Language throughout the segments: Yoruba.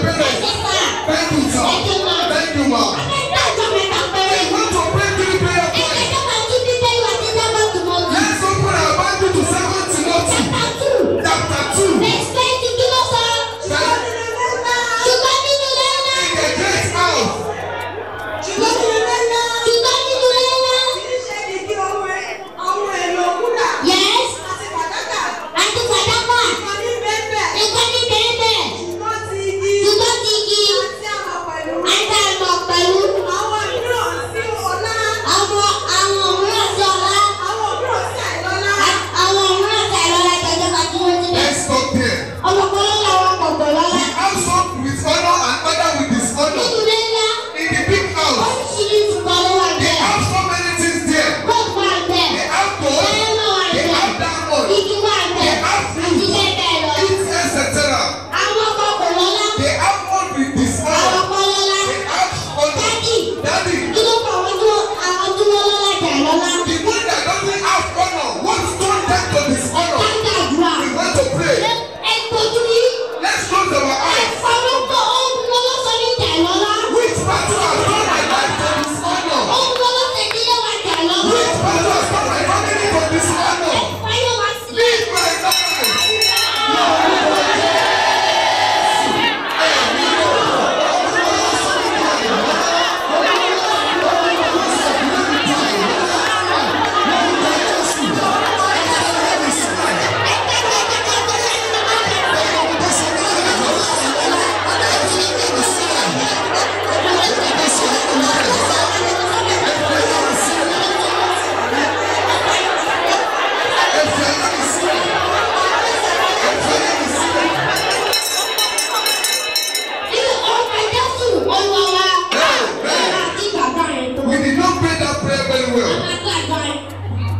เป็นพระเอกแป้งถูกสอง Daddy.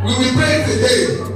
We will pray today.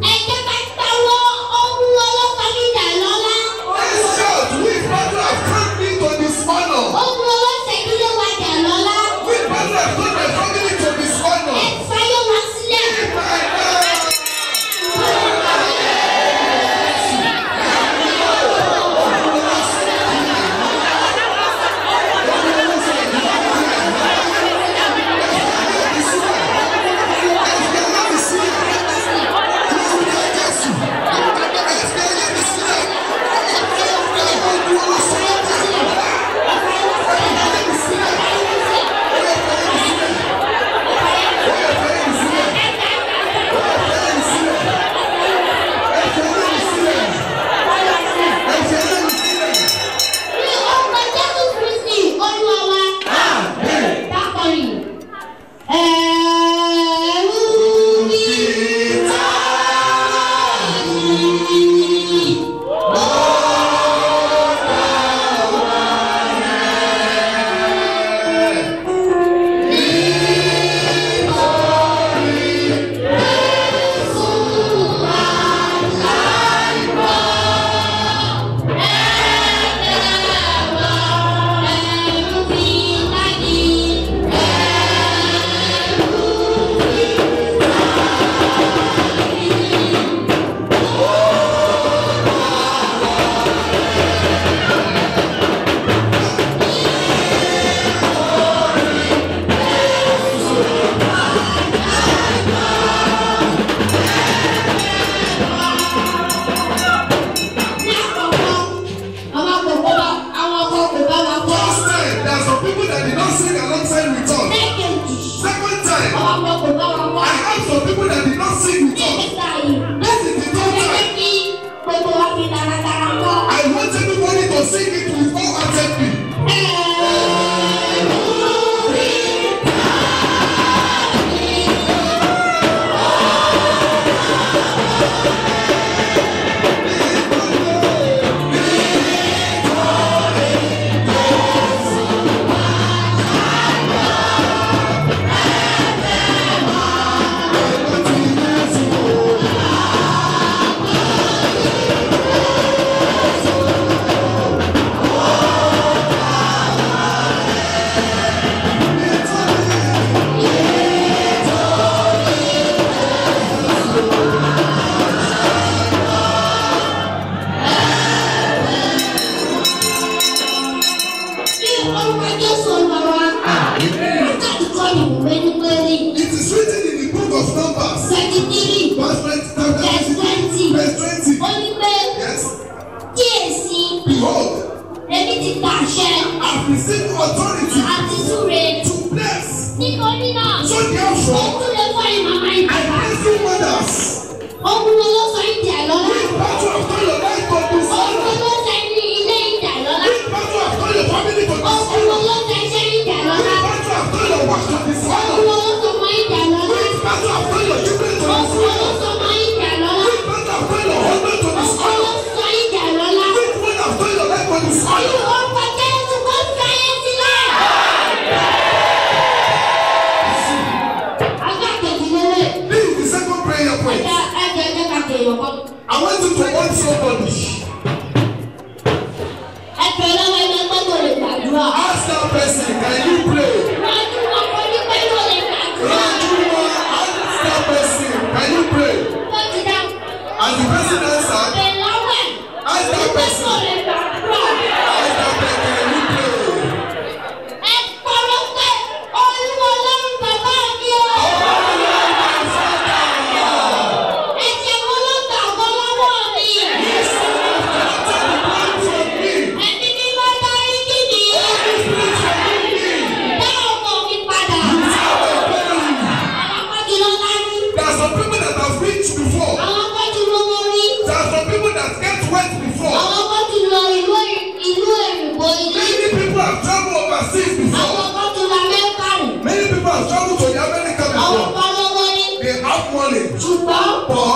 wọlé. ṣùgbọ́n bọ̀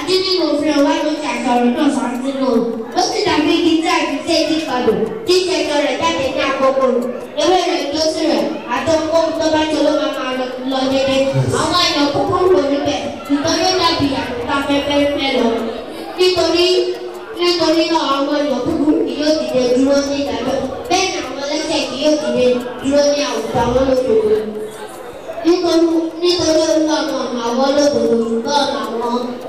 àti nínú òfin ọ̀wá lókè àtọ̀rọ̀ náà ṣàtúnlò ó sì dàbí igi tí àtúnṣe ti padò tí ìṣẹ̀jọ rẹ̀ jáde ní àkókò ewé rẹ̀ tó sì rẹ̀ àti ohun tó bá jẹ ló máa máa lọ dédé àwọn èèyàn kúkúrú wò níbẹ̀ nítorí dàbí àtúntà fẹ́fẹ́ lọ nítorí nítorí náà àwọn èèyàn kúkúrú kì yóò dìde dúró ní ìdájọ́ bẹ́ẹ̀ ni àwọn ẹlẹ́ṣẹ̀ kì yóò dìde dúró ní àwùjọ àwọn olóṣèlú nítorí olúwa mọ̀ àwọn olóṣèlú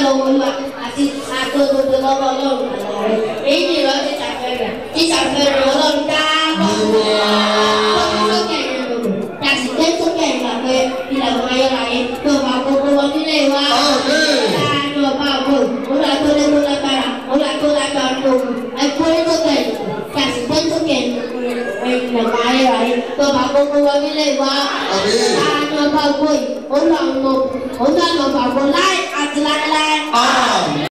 agbóyè ó lọ àwọn ọmọ òun náà lọ fàbọ lá